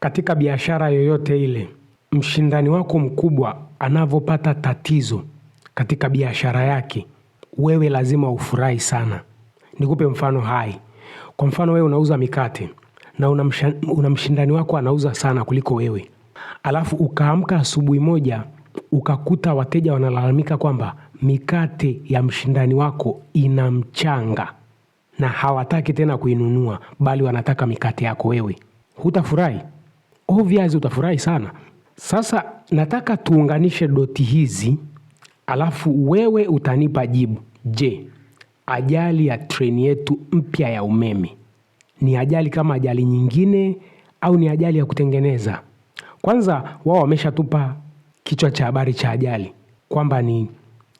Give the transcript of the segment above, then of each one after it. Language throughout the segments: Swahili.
katika biashara yoyote ile, mshindani wako mkubwa anavyopata tatizo katika biashara yake, wewe lazima ufurahi sana. Nikupe mfano hai. Kwa mfano, wewe unauza mikate na una mshindani wako anauza sana kuliko wewe, alafu ukaamka asubuhi moja ukakuta wateja wanalalamika kwamba mikate ya mshindani wako ina mchanga na hawataki tena kuinunua, bali wanataka mikate yako wewe, hutafurahi? obviously utafurahi sana. Sasa nataka tuunganishe doti hizi, alafu wewe utanipa jibu. Je, ajali ya treni yetu mpya ya umeme ni ajali kama ajali nyingine au ni ajali ya kutengeneza? Kwanza wao wameshatupa kichwa cha habari cha ajali kwamba ni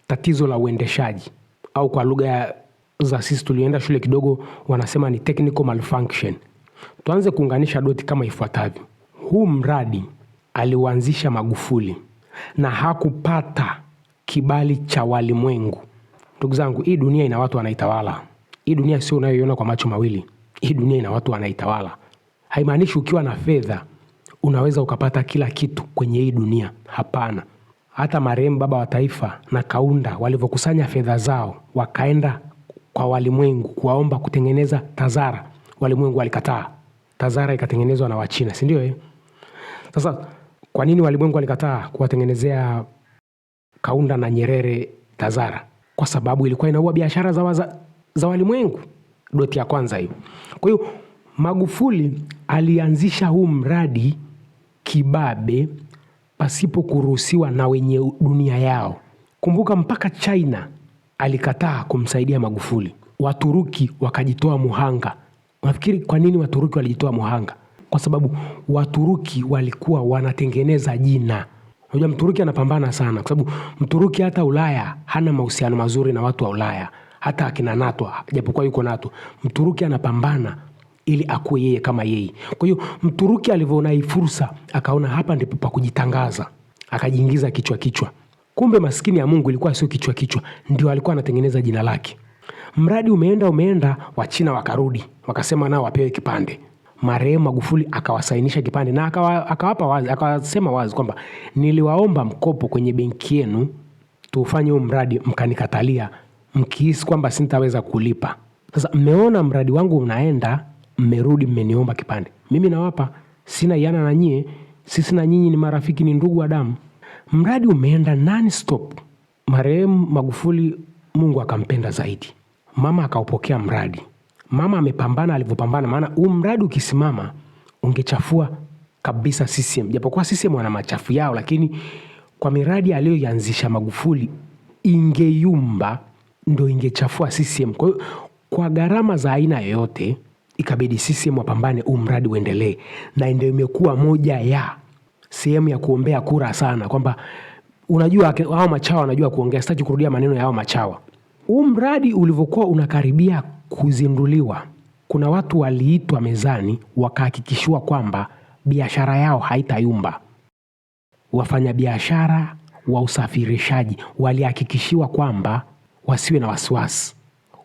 tatizo la uendeshaji au kwa lugha za sisi tulioenda shule kidogo wanasema ni technical malfunction. Tuanze kuunganisha doti kama ifuatavyo. Huu mradi aliuanzisha Magufuli na hakupata kibali cha walimwengu. Ndugu zangu, hii dunia ina watu wanaitawala. Hii dunia sio unayoiona kwa macho mawili. Hii dunia ina watu wanaitawala. Haimaanishi ukiwa na fedha unaweza ukapata kila kitu kwenye hii dunia. Hapana. Hata marehemu Baba wa Taifa na Kaunda walivyokusanya fedha zao wakaenda kwa walimwengu kuwaomba kutengeneza TAZARA, walimwengu walikataa. TAZARA ikatengenezwa na Wachina, si ndio? Eh? Sasa kwa nini walimwengu walikataa kuwatengenezea Kaunda na Nyerere TAZARA? Kwa sababu ilikuwa inaua biashara za, za walimwengu. Doti ya kwanza hiyo. Kwa hiyo Magufuli alianzisha huu mradi kibabe pasipo kuruhusiwa na wenye dunia yao. Kumbuka mpaka China alikataa kumsaidia Magufuli. Waturuki wakajitoa muhanga. Unafikiri kwa nini Waturuki walijitoa muhanga? kwa sababu Waturuki walikuwa wanatengeneza jina. Unajua Mturuki anapambana sana, kwa sababu Mturuki hata Ulaya hana mahusiano mazuri na watu wa Ulaya, hata akina NATO, japokuwa yuko NATO, Mturuki anapambana ili akuwe yeye kama yeye. Kwa hiyo Mturuki alivyoona hii fursa, akaona hapa ndipo pa kujitangaza, akajiingiza kichwa kichwa. Kumbe maskini ya Mungu ilikuwa sio kichwa kichwa, ndio alikuwa anatengeneza jina lake. Mradi umeenda umeenda, Wachina wakarudi wakasema nao wapewe kipande marehemu Magufuli akawasainisha kipande na akawapa wazi, akawasema wazi kwamba niliwaomba mkopo kwenye benki yenu tufanye huu mradi, mkanikatalia mkihisi kwamba sintaweza kulipa. Sasa mmeona mradi wangu unaenda, mmerudi mmeniomba kipande, mimi nawapa, sina yana na nyie, sisi na nyinyi ni marafiki, ni ndugu wa damu. Mradi umeenda non stop. Marehemu Magufuli Mungu akampenda zaidi, mama akaupokea mradi mama amepambana alivyopambana, maana huu mradi ukisimama ungechafua kabisa CCM. Japokuwa CCM wana machafu yao, lakini kwa miradi aliyoianzisha Magufuli ingeyumba, ndo ingechafua CCM. Kwa hiyo kwa gharama za aina yoyote ikabidi CCM wapambane huu mradi uendelee, na ndio imekuwa moja ya sehemu ya kuombea kura sana, kwamba unajua hao machawa wanajua kuongea. Sitaki kurudia maneno ya hao machawa. Huu mradi ulivyokuwa unakaribia kuzinduliwa. Kuna watu waliitwa mezani wakahakikishiwa kwamba biashara yao haitayumba. Wafanyabiashara wa usafirishaji walihakikishiwa kwamba wasiwe na wasiwasi.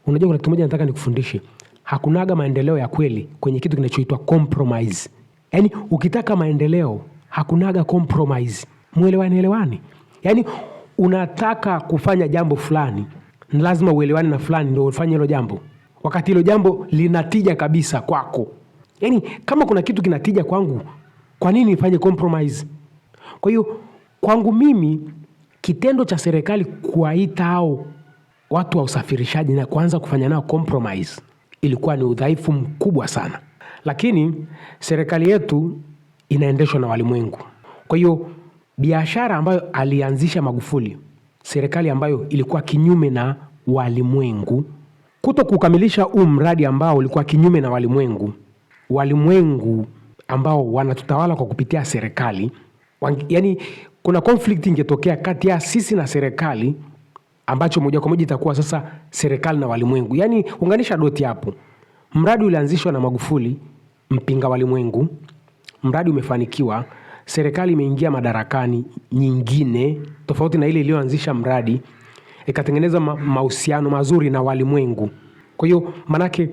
Unajua, kuna kitu moja nataka nikufundishe, hakunaga maendeleo ya kweli kwenye kitu kinachoitwa compromise. Yaani ukitaka maendeleo hakunaga compromise. Mwelewane elewani, yaani unataka kufanya jambo fulani, ni lazima uelewane na fulani ndio ufanye hilo jambo wakati hilo jambo linatija kabisa kwako. Yaani, kama kuna kitu kinatija kwangu, kwa nini nifanye compromise? Kwa hiyo kwangu mimi kitendo cha serikali kuwaita ao watu wa usafirishaji na kuanza kufanya nao compromise ilikuwa ni udhaifu mkubwa sana, lakini serikali yetu inaendeshwa na walimwengu. Kwa hiyo biashara ambayo alianzisha Magufuli, serikali ambayo ilikuwa kinyume na walimwengu kuto kukamilisha huu mradi ambao ulikuwa kinyume na walimwengu, walimwengu ambao wanatutawala kwa kupitia serikali. Yani kuna conflict ingetokea kati ya sisi na serikali, ambacho moja kwa moja itakuwa sasa serikali na walimwengu. Yani unganisha doti hapo. Mradi ulianzishwa na Magufuli, mpinga walimwengu. Mradi umefanikiwa, serikali imeingia madarakani nyingine tofauti na ile iliyoanzisha mradi ikatengeneza mahusiano mazuri na walimwengu. Kwa hiyo manake,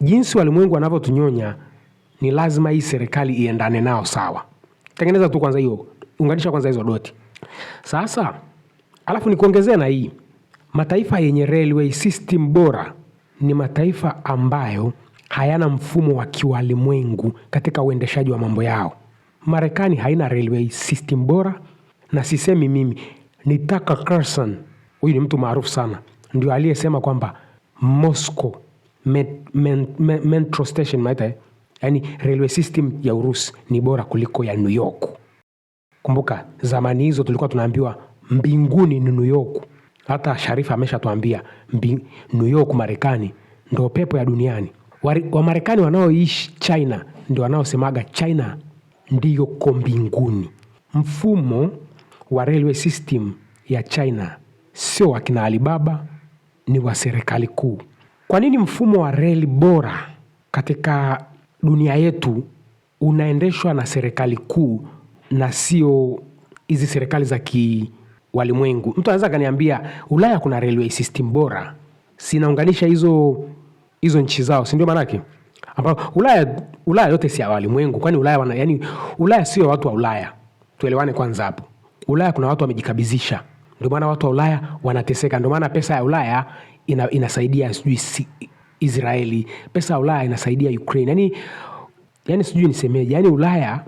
jinsi walimwengu wanavyotunyonya ni lazima hii serikali iendane nao sawa. Tengeneza tu kwanza hiyo, unganisha kwanza hizo doti sasa, alafu nikuongezea na hii, mataifa yenye railway system bora ni mataifa ambayo hayana mfumo wa kiwalimwengu katika uendeshaji wa mambo yao. Marekani haina railway system bora, na sisemi mimi, ni Tucker Carlson huyu ni mtu maarufu sana, ndio aliyesema kwamba Moscow metro station maita, yani railway system ya Urusi ni bora kuliko ya New York. Kumbuka zamani hizo tulikuwa tunaambiwa mbinguni ni New York. Hata Sharifa ameshatuambia New York Marekani ndo pepo ya duniani. Wamarekani wanaoishi China ndio wanaosemaga China ndiyo mbinguni. Mfumo wa railway system ya China sio wa kina Alibaba, ni wa serikali kuu. Kwa nini mfumo wa reli bora katika dunia yetu unaendeshwa na serikali kuu na sio hizi serikali za kiwalimwengu? Mtu anaweza akaniambia Ulaya kuna railway system bora, sinaunganisha hizo hizo nchi zao, si ndio? Maanake ambao Ulaya, Ulaya yote si ya walimwengu, kwani Ulaya wana, yani Ulaya sio watu wa Ulaya. Tuelewane kwanza hapo. Ulaya kuna watu wamejikabizisha ndio maana watu wa Ulaya wanateseka, ndio maana pesa ya Ulaya ina, inasaidia sijui si, Israeli, pesa ya Ulaya inasaidia Ukraine. Yani, yani sijui nisemeje, yani Ulaya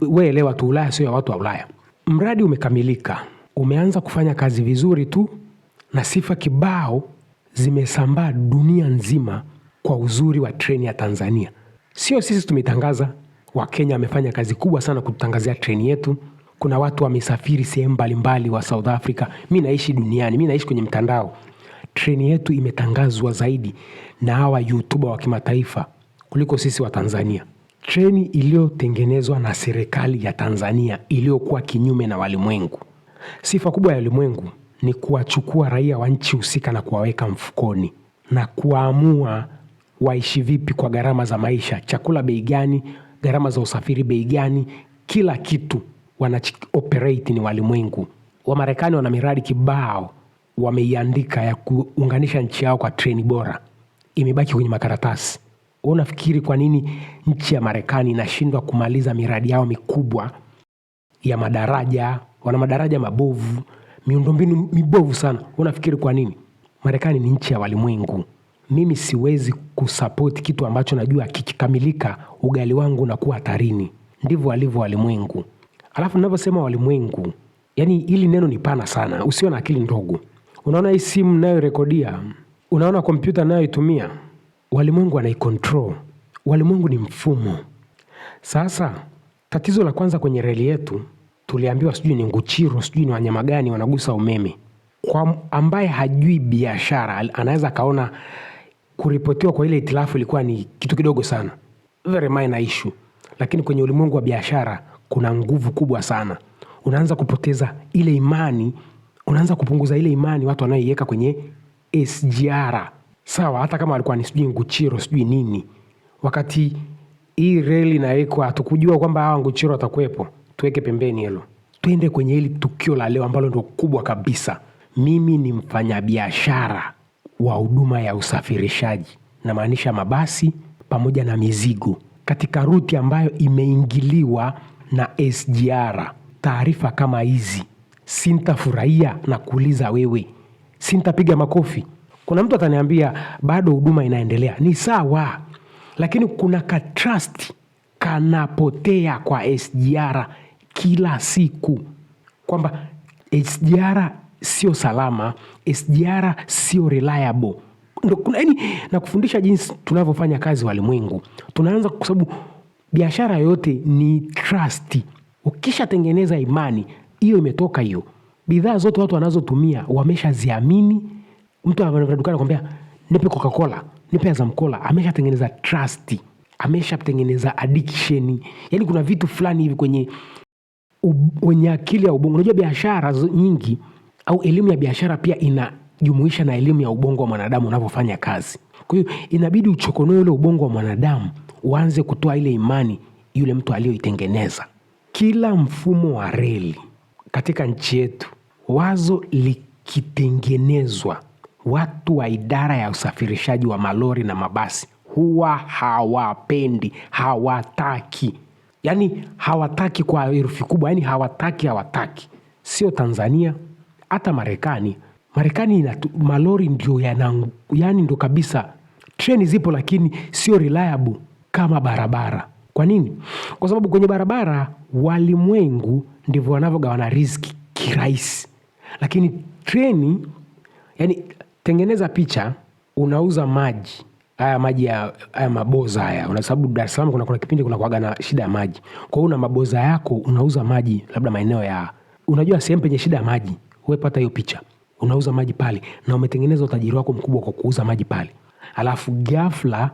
weelewa tu, Ulaya sio ya watu wa Ulaya. Mradi umekamilika, umeanza kufanya kazi vizuri tu, na sifa kibao zimesambaa dunia nzima kwa uzuri wa treni ya Tanzania. Sio sisi tumetangaza Wakenya wamefanya kazi kubwa sana kututangazia treni yetu kuna watu wamesafiri sehemu mbalimbali wa South Africa. Mi naishi duniani, mi naishi kwenye mtandao. Treni yetu imetangazwa zaidi na hawa YouTuber wa kimataifa kuliko sisi wa Tanzania. Treni iliyotengenezwa na serikali ya Tanzania iliyokuwa kinyume na walimwengu. Sifa kubwa ya walimwengu ni kuwachukua raia wa nchi husika na kuwaweka mfukoni na kuamua waishi vipi kwa gharama za maisha, chakula bei gani, gharama za usafiri bei gani, kila kitu wanaoperate ni walimwengu. Wamarekani wana miradi kibao wameiandika ya kuunganisha nchi yao kwa treni bora, imebaki kwenye makaratasi. Unafikiri kwa nini nchi ya Marekani inashindwa kumaliza miradi yao mikubwa ya madaraja? Wana madaraja mabovu, miundombinu mibovu sana. Unafikiri kwa nini? Marekani ni nchi ya walimwengu. Mimi siwezi kusapoti kitu ambacho najua kikikamilika ugali wangu unakuwa hatarini. Ndivyo alivyo walimwengu. Alafu ninavyosema walimwengu, yani hili neno ni pana sana, usio na akili ndogo. Unaona hii simu nayorekodia, unaona kompyuta nayoitumia, walimwengu anaikontrol. Walimwengu ni mfumo. Sasa tatizo la kwanza kwenye reli yetu tuliambiwa, sijui ni nguchiro, sijui ni wanyama gani wanagusa umeme. Kwa ambaye hajui biashara, anaweza akaona kuripotiwa kwa ile itilafu ilikuwa ni kitu kidogo sana, very issue, lakini kwenye ulimwengu wa biashara kuna nguvu kubwa sana. Unaanza kupoteza ile imani, unaanza kupunguza ile imani watu wanaoiweka kwenye SGR. Sawa, hata kama walikuwa ni sijui Nguchiro sijui nini, wakati hii reli inawekwa tukujua kwamba hawa Nguchiro watakuwepo. Tuweke pembeni hilo, twende kwenye hili tukio la leo ambalo ndo kubwa kabisa. Mimi ni mfanyabiashara wa huduma ya usafirishaji, namaanisha mabasi pamoja na mizigo katika ruti ambayo imeingiliwa na SGR, taarifa kama hizi sintafurahia na kuuliza wewe, sintapiga makofi. Kuna mtu ataniambia bado huduma inaendelea, ni sawa, lakini kuna ka trust kanapotea kwa SGR kila siku, kwamba SGR sio salama, SGR sio reliable. Ndo kuna yani, nakufundisha jinsi tunavyofanya kazi walimwengu, tunaanza kwa sababu biashara yote ni trust. Ukishatengeneza imani hiyo, imetoka hiyo. Bidhaa zote watu wanazotumia wameshaziamini. Mtu anakwenda nipe Coca-Cola, nipe Azam Cola, ameshatengeneza trust, ameshatengeneza addiction. Yaani kuna vitu fulani hivi kwenye wenye akili ya ubongo. Unajua biashara nyingi au elimu ya biashara pia inajumuisha na elimu ya ubongo wa mwanadamu unavyofanya kazi. Kwa hiyo inabidi uchokonoe ule ubongo wa mwanadamu uanze kutoa ile imani yule mtu aliyoitengeneza. Kila mfumo wa reli katika nchi yetu, wazo likitengenezwa, watu wa idara ya usafirishaji wa malori na mabasi huwa hawapendi, hawataki, yaani hawataki kwa herufi kubwa, yaani hawataki, hawataki. Sio Tanzania, hata Marekani. Marekani inatu, malori ndio yana, yaani ndo kabisa. Treni zipo lakini sio reliable kama barabara. Kwa nini? Kwa sababu kwenye barabara walimwengu ndivyo wanavyogawana riziki kirahisi, lakini treni, yani tengeneza picha, unauza maji haya maji ya haya maboza haya, kwa sababu Dar es Salaam kuna, kuna kipindi kuna kuaga na shida ya maji. Kwa hiyo una maboza yako unauza maji, labda maeneo ya unajua sehemu penye shida ya maji, wewe pata hiyo picha, unauza maji pale na umetengeneza utajiri wako mkubwa kwa kuuza maji pale, alafu ghafla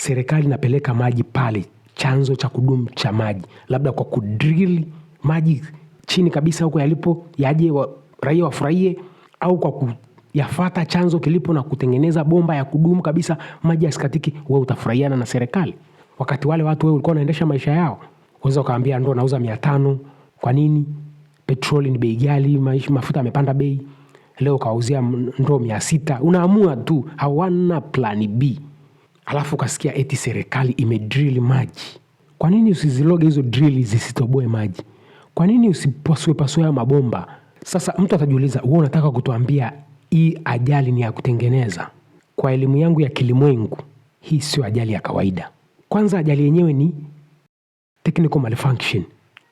serikali inapeleka maji pale, chanzo cha kudumu cha maji, labda kwa kudrili maji chini kabisa huko yalipo, yaje wa, raia wafurahie, au kwa kuyafata chanzo kilipo na kutengeneza bomba ya kudumu kabisa, maji yasikatiki, wewe utafurahiana na serikali. Wakati wale watu wewe ulikuwa unaendesha maisha yao, unaweza ukaambia ndo nauza mia tano. Kwa nini? Petroli ni bei ghali, mafuta yamepanda bei. Leo ukawauzia ndoo mia sita. Unaamua tu, hawana plani B alafu ukasikia eti serikali imedrili maji. Kwa nini usiziloge hizo drili zisitoboe maji? Kwa nini usipasuepasue hayo mabomba? Sasa mtu atajiuliza, wewe unataka kutuambia hii ajali ni ya kutengeneza? Kwa elimu yangu ya kilimwengu, hii sio ajali ya kawaida. Kwanza ajali yenyewe ni technical malfunction.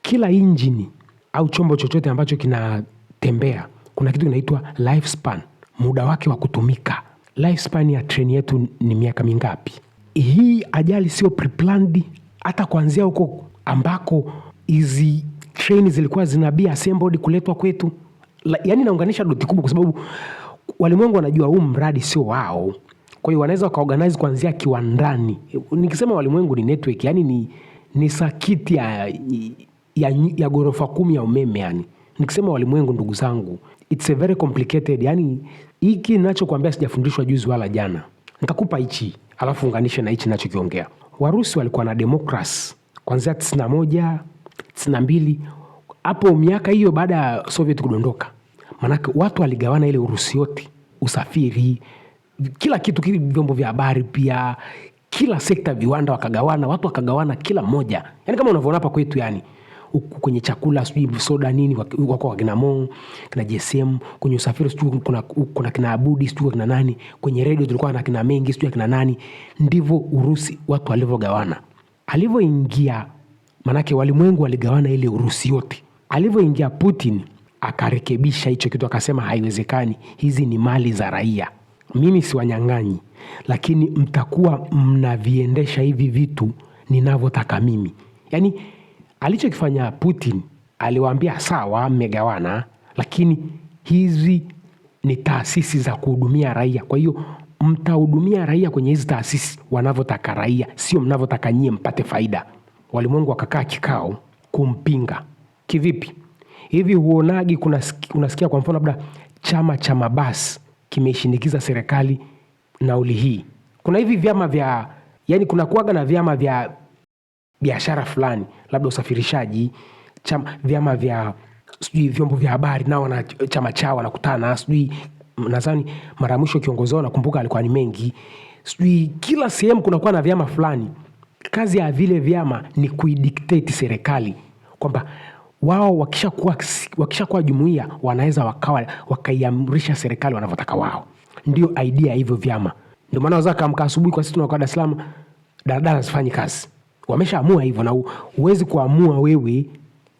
Kila injini au chombo chochote ambacho kinatembea kuna kitu kinaitwa lifespan, muda wake wa kutumika lifespan ya treni yetu ni miaka mingapi? Hii ajali sio preplanned, hata kuanzia huko ambako hizi treni zilikuwa zinabia assembled kuletwa kwetu. La, yani naunganisha doti kubwa, kwa sababu walimwengu wanajua huu mradi sio wao, kwa hiyo wanaweza wakaorganize kuanzia kiwandani. Nikisema walimwengu ni network, yani ni, ni sakiti ya, ya, ya ghorofa kumi ya umeme yani. Nikisema walimwengu, ndugu zangu, it's a very complicated. Yani hiki ninachokuambia sijafundishwa juzi wala jana. Nitakupa hichi alafu unganishe na hichi ninachokiongea. Warusi walikuwa na demokras kwanzia tisina moja tisina mbili hapo miaka hiyo, baada ya Soviet kudondoka, maanake watu waligawana ile Urusi yote, usafiri, kila kitu, vyombo vya habari pia, kila sekta, viwanda wakagawana, watu wakagawana kila mmoja yani kama unavyoona hapa kwetu yani huku kwenye chakula, sijui soda nini, wako wakina Mo, kina JSM, kwenye usafiri sijui kuna, kuna kina Abudi sijui kina nani, kwenye redio tulikuwa na kina Mengi sijui kina nani. Ndivyo Urusi watu walivyogawana. Alivyoingia manake walimwengu waligawana ile Urusi yote. Alivyoingia Putin akarekebisha hicho kitu, akasema haiwezekani, hizi ni mali za raia, mimi siwanyang'anyi, lakini mtakuwa mnaviendesha hivi vitu ninavyotaka mimi, yaani Alichokifanya Putin, aliwaambia sawa, mmegawana, lakini hizi ni taasisi za kuhudumia raia, kwa hiyo mtahudumia raia kwenye hizi taasisi wanavyotaka raia, sio mnavyotaka nyie mpate faida. Walimwengu wakakaa kikao kumpinga. Kivipi? Hivi huonagi, unasikia kwa mfano labda chama cha mabasi kimeishinikiza serikali nauli hii. Kuna hivi vyama vya yani, kunakuaga na vyama vya biashara fulani, labda usafirishaji, chama, vyama vya sijui vyombo vya habari nao na chama chao wanakutana, sijui nadhani mara mwisho kiongozi wao nakumbuka alikuwa ni Mengi, sijui kila sehemu kunakuwa na vyama fulani. Kazi ya vile vyama ni kuidiktate serikali kwamba wao wakishakuwa wakishakuwa jumuiya wanaweza wakawa wakaiamrisha serikali wanavyotaka wao. Ndio idea ya hivyo vyama. Ndio maana wazaka kaamka asubuhi kwa sisi tunakuwa Dar es Salaam, daladala zifanye kazi wameshaamua hivyo, na huwezi kuamua wewe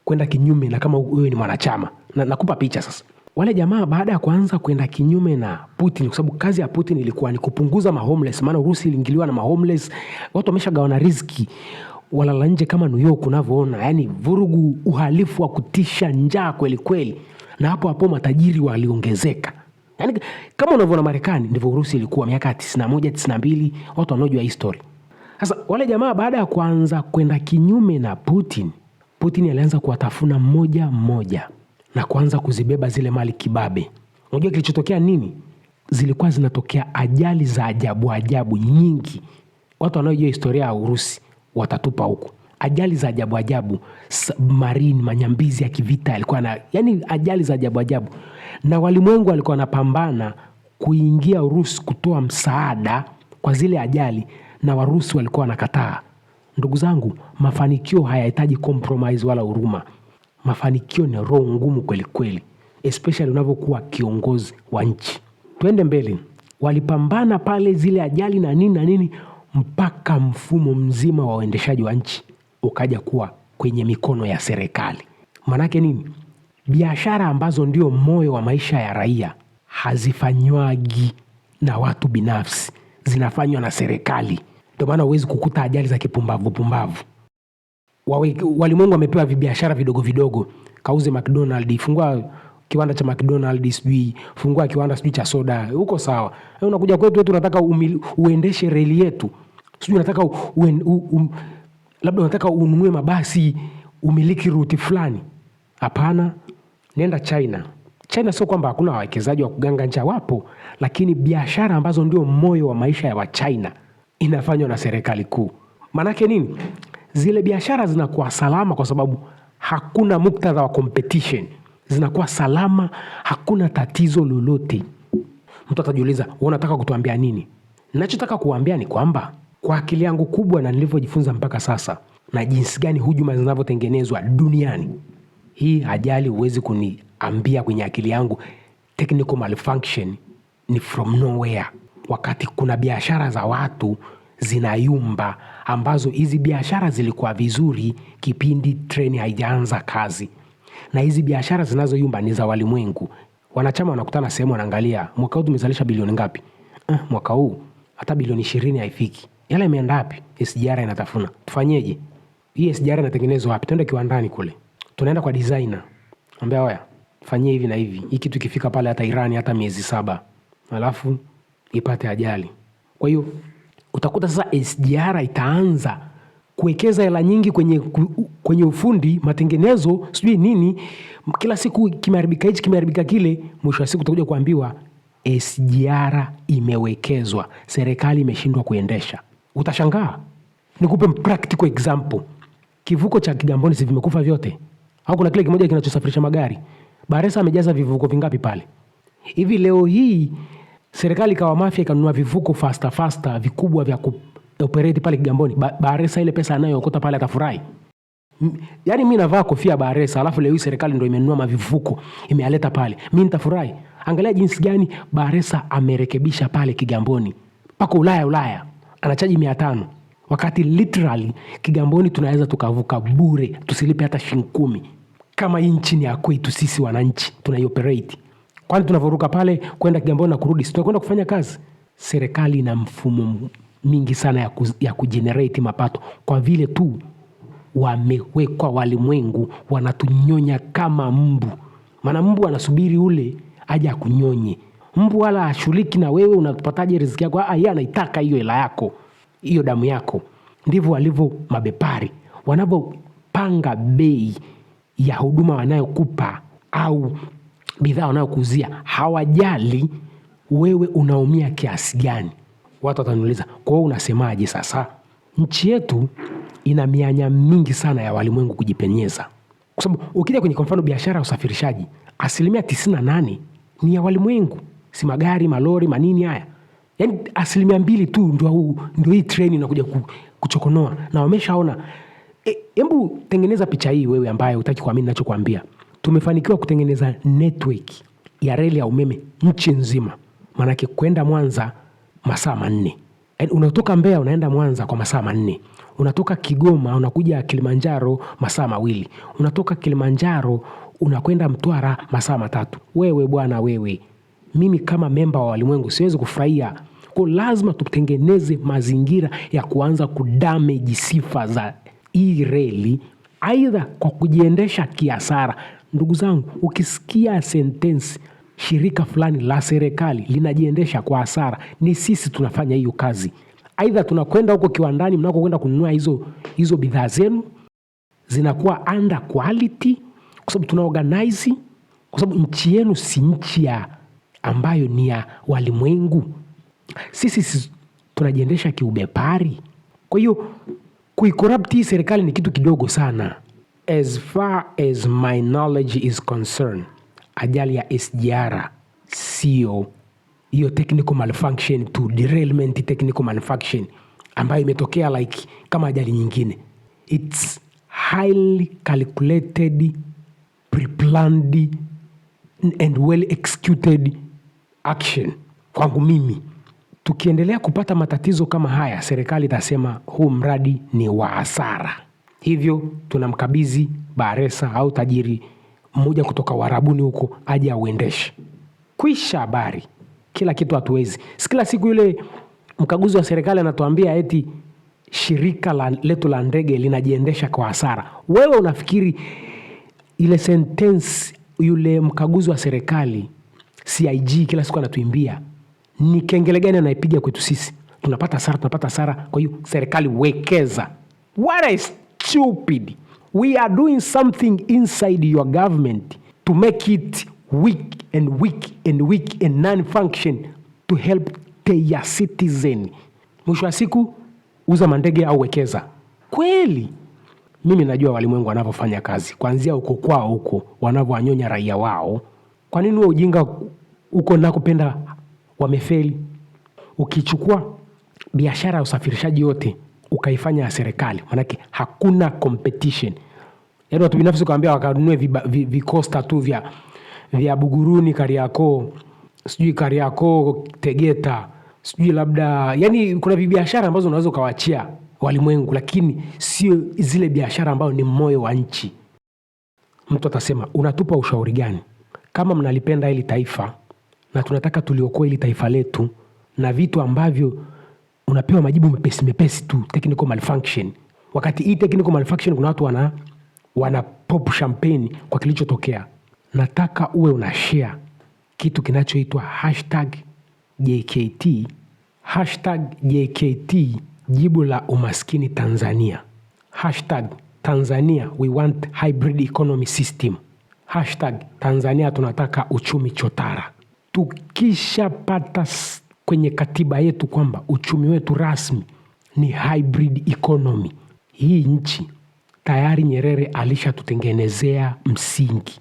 kwenda kinyume na kama wewe ni mwanachama. Na nakupa picha sasa, wale jamaa baada ya kuanza kwenda kinyume na Putin, kwa sababu kazi ya Putin ilikuwa ni kupunguza mahomeless, maana Urusi iliingiliwa na mahomeless, watu wameshagawana riziki walala nje kama New York unavyoona, yani vurugu, uhalifu wa kutisha, njaa kweli kweli, na hapo hapo matajiri waliongezeka. Yani kama unavyoona Marekani, ndivyo Urusi ilikuwa miaka 91 92, watu wanaojua history. Sasa wale jamaa baada ya kuanza kwenda kinyume na Putin, Putin alianza kuwatafuna mmoja mmoja na kuanza kuzibeba zile mali kibabe. Unajua kilichotokea nini? Zilikuwa zinatokea ajali za ajabu ajabu nyingi. Watu wanaojua historia ya Urusi watatupa huko ajali za ajabu ajabu, submarine, manyambizi ya kivita yalikuwa na, yani ajali za ajabu ajabu, na walimwengu walikuwa wanapambana kuingia Urusi kutoa msaada kwa zile ajali na Warusi walikuwa wanakataa. Ndugu zangu, mafanikio hayahitaji compromise wala huruma. Mafanikio ni roho ngumu kweli kweli, especially unavyokuwa kiongozi wa nchi. Tuende mbele, walipambana pale zile ajali na nini na nini, mpaka mfumo mzima wa uendeshaji wa nchi ukaja kuwa kwenye mikono ya serikali. Manake nini? Biashara ambazo ndio moyo wa maisha ya raia hazifanywagi na watu binafsi, zinafanywa na serikali. Ndio maana huwezi kukuta ajali za kipumbavu pumbavu. Walimwengu wamepewa vibiashara vidogo vidogo, kauze McDonald, fungua kiwanda cha McDonald, sijui fungua kiwanda sijui cha soda huko, sawa. Unakuja kwetu wetu, unataka uendeshe reli yetu, sijui unataka uen, u, um, labda unataka ununue mabasi umiliki ruti fulani. Hapana, nenda China. China sio kwamba hakuna wawekezaji wa kuganga ncha, wapo, lakini biashara ambazo ndio moyo wa maisha ya Wachina inafanywa na serikali kuu. Maanake nini? Zile biashara zinakuwa salama kwa sababu hakuna muktadha wa competition, zinakuwa salama, hakuna tatizo lolote. Mtu atajiuliza unataka kutuambia nini? Nachotaka kuambia ni kwamba kwa akili yangu kubwa na nilivyojifunza mpaka sasa na jinsi gani hujuma zinavyotengenezwa duniani, hii ajali huwezi kuniambia kwenye akili yangu technical malfunction ni from nowhere, wakati kuna biashara za watu zinayumba ambazo hizi biashara zilikuwa vizuri kipindi treni haijaanza kazi. Na hizi biashara zinazoyumba ni za walimwengu. Wanachama wanakutana sehemu wanaangalia mwaka huu tumezalisha bilioni ngapi? Eh, mwaka huu hata bilioni ishirini haifiki. Hela imeenda wapi? SGR inatafuna. Tufanyeje? Hii SGR inatengenezwa wapi? Tuende kiwandani kule. Tunaenda kwa dsin Ambia oya, fanyie hivi na hivi. Hii kitu ikifika pale hata Irani hata miezi saba. Alafu ipate ajali. Kwa hiyo utakuta sasa SGR itaanza kuwekeza hela nyingi kwenye, kwenye ufundi matengenezo, sijui nini, kila siku kimeharibika hichi kimeharibika kile, mwisho wa siku utakuja kuambiwa SGR imewekezwa, serikali imeshindwa kuendesha. Utashangaa. Nikupe practical example, kivuko cha Kigamboni si vimekufa vyote, au kuna kile kimoja kinachosafirisha magari? Baresa amejaza vivuko vingapi pale hivi leo hii? Serikali kawa Mafia ikanunua vivuko fasta fasta vikubwa vya kuoperate pale Kigamboni. Ba Baresa ile pesa anayookota pale atafurahi. Yaani mimi navaa kofia Baresa, alafu leo hii serikali ndio imenunua mavivuko, imealeta pale. Mimi nitafurahi. Angalia jinsi gani Baresa amerekebisha pale Kigamboni. Pako Ulaya Ulaya. Anachaji 500. Wakati literally Kigamboni tunaweza tukavuka bure, tusilipe hata shilingi kumi. Kama hii nchi ni ya kwetu sisi wananchi tunaioperate. Kwani tunavoruka pale kwenda Kigamboni na kurudi, si kufanya kazi? Serikali ina mfumo mingi sana ya, ku, ya kujenerate mapato kwa vile tu wamewekwa walimwengu, wanatunyonya kama mbu. Maana mbu anasubiri ule aje akunyonye. Mbu wala ashuliki na wewe unapataje riziki yako, ah, anaitaka hiyo hela yako, hiyo damu yako. Ndivyo walivyo mabepari wanavyopanga bei ya huduma wanayokupa au bidhaa wanayokuuzia hawajali wewe unaumia kiasi gani. Watu wataniuliza, kwa hiyo unasemaje sasa? Nchi yetu ina mianya mingi sana ya walimwengu kujipenyeza, kwa sababu ukija kwenye kwa mfano biashara ya usafirishaji, asilimia tisina nane ni ya walimwengu, si magari, malori, manini haya. Yaani asilimia mbili tu ndio hii treni inakuja kuchokonoa, na wameshaona. E, hebu e, tengeneza picha hii wewe ambaye utaki kuamini nachokwambia tumefanikiwa kutengeneza network ya reli ya umeme nchi nzima, maanake kwenda Mwanza masaa manne yaani unatoka Mbeya unaenda Mwanza kwa masaa manne, unatoka Kigoma unakuja Kilimanjaro masaa mawili, unatoka Kilimanjaro unakwenda Mtwara masaa matatu. Wewe bwana wewe, mimi kama memba wa walimwengu siwezi kufurahia kwa lazima tutengeneze mazingira ya kuanza kudameji sifa za hii reli, aidha kwa kujiendesha kiasara Ndugu zangu, ukisikia sentensi shirika fulani la serikali linajiendesha kwa hasara, ni sisi tunafanya hiyo kazi. Aidha tunakwenda huko kiwandani mnakokwenda kununua hizo, hizo bidhaa zenu zinakuwa under quality, kwa sababu tuna organize, kwa sababu nchi yenu si nchi ya ambayo ni ya walimwengu. Sisi, si, tunajiendesha kiubepari. Kwa hiyo kuikorapti hii serikali ni kitu kidogo sana as far as my knowledge is concerned, ajali ya SGR sio hiyo technical malfunction to derailment technical malfunction ambayo imetokea like kama ajali nyingine. It's highly calculated, preplanned and well executed action kwangu mimi. Tukiendelea kupata matatizo kama haya, serikali itasema huu mradi ni wa hasara. Hivyo tunamkabidhi baresa au tajiri mmoja kutoka uharabuni huko aje auendeshe. Kwisha habari. Kila kitu hatuwezi. sikila kila siku yule mkaguzi wa serikali anatuambia eti shirika la, letu la ndege linajiendesha kwa hasara. Wewe unafikiri ile sentensi yule mkaguzi wa serikali CIG kila siku anatuimbia ni kengele gani anaipiga kwetu sisi? Tunapata hasara, tunapata hasara. Kwa hiyo serikali wekeza. What is stupid. We are doing something inside your government to make it weak and weak and weak and non-function to help their citizen. Mwisho wa siku, uza mandege au wekeza. Kweli mimi najua walimwengu wanavyofanya kazi, kuanzia huko kwao huko wanavyowanyonya raia wao. Kwa nini huo ujinga huko nakopenda wamefeli? Ukichukua biashara ya usafirishaji yote ukaifanya ya serikali, manake hakuna competition. yani watu binafsi ukawambia wakanunue vikosta tu vya, vya Buguruni, Kariakoo, sijui Kariakoo, Tegeta, sijui labda, yani kuna vibiashara ambazo unaweza ukawachia walimwengu, lakini sio zile biashara ambayo ni moyo wa nchi. Mtu atasema unatupa ushauri gani? Kama mnalipenda hili taifa na tunataka tuliokoa hili taifa letu na vitu ambavyo unapewa majibu mepesi mepesi tu, technical malfunction. Wakati hii technical malfunction kuna watu wana wana pop champagne kwa kilichotokea. Nataka uwe una share kitu kinachoitwa hashtag JKT, hashtag JKT jibu la umaskini Tanzania, hashtag Tanzania we want hybrid economy system, hashtag Tanzania tunataka uchumi chotara. Tukishapata kwenye katiba yetu kwamba uchumi wetu rasmi ni hybrid economy. Hii nchi tayari Nyerere alishatutengenezea msingi.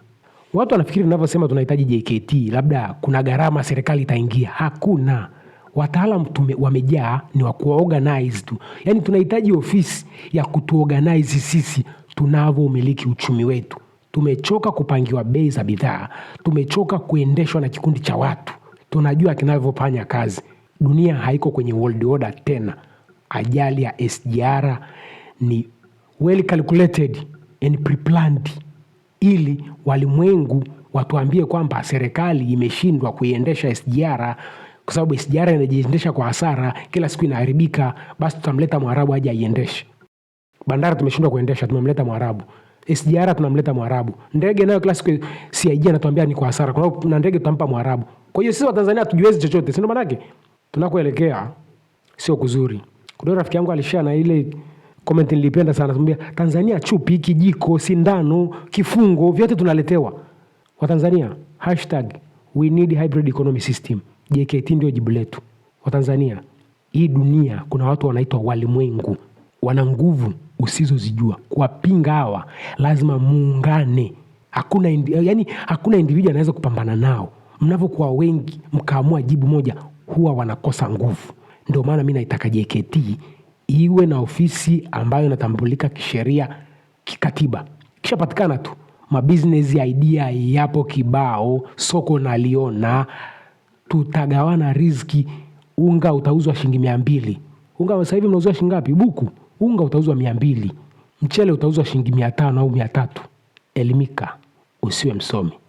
Watu wanafikiri ninavyosema tunahitaji JKT, labda kuna gharama serikali itaingia. Hakuna, wataalamu wamejaa, ni wa kuorganize tu. Yaani tunahitaji ofisi ya kutuorganize sisi tunavyomiliki uchumi wetu. Tumechoka kupangiwa bei za bidhaa, tumechoka kuendeshwa na kikundi cha watu tunajua kinavyofanya kazi. Dunia haiko kwenye world order tena. Ajali ya SGR ni well calculated and preplanned, ili walimwengu watuambie kwamba serikali imeshindwa kuiendesha SGR kwa sababu SGR inajiendesha kwa hasara, kila siku inaharibika. Basi tutamleta mwarabu aje aiendeshe bandara Tumeshindwa kuendesha, tumemleta mwarabu. SGR tunamleta mwarabu. Ndege nayo kila siku CIG anatuambia ni kwa hasara, kwa na ndege tutampa mwarabu. Kwa hiyo sisi Watanzania hatujiwezi chochote, si ndio? Maanake tunakoelekea sio kuzuri. Kuna rafiki yangu alishare na ile comment nilipenda sana, anamwambia Tanzania chupi, kijiko, sindano, kifungo vyote tunaletewa. Watanzania hashtag we need hybrid economy system. JKT ndio jibu letu. Watanzania, hii dunia kuna watu wanaitwa walimwengu, wana nguvu usizozijua. Kuwapinga hawa lazima muungane. Hakuna indi, yani, hakuna individual anaweza kupambana nao mnavyokuwa wengi mkaamua jibu moja, huwa wanakosa nguvu. Ndio maana mi naitaka JKT iwe na ofisi ambayo inatambulika kisheria, kikatiba. Kishapatikana tu mabiznesi idea yapo kibao, soko naliona, tutagawana riziki. Unga utauzwa shilingi mia mbili. Unga sasa hivi mnauzwa shilingi ngapi? Buku unga utauzwa mia mbili, mchele utauzwa shilingi mia tano au mia tatu. Elimika, usiwe msomi.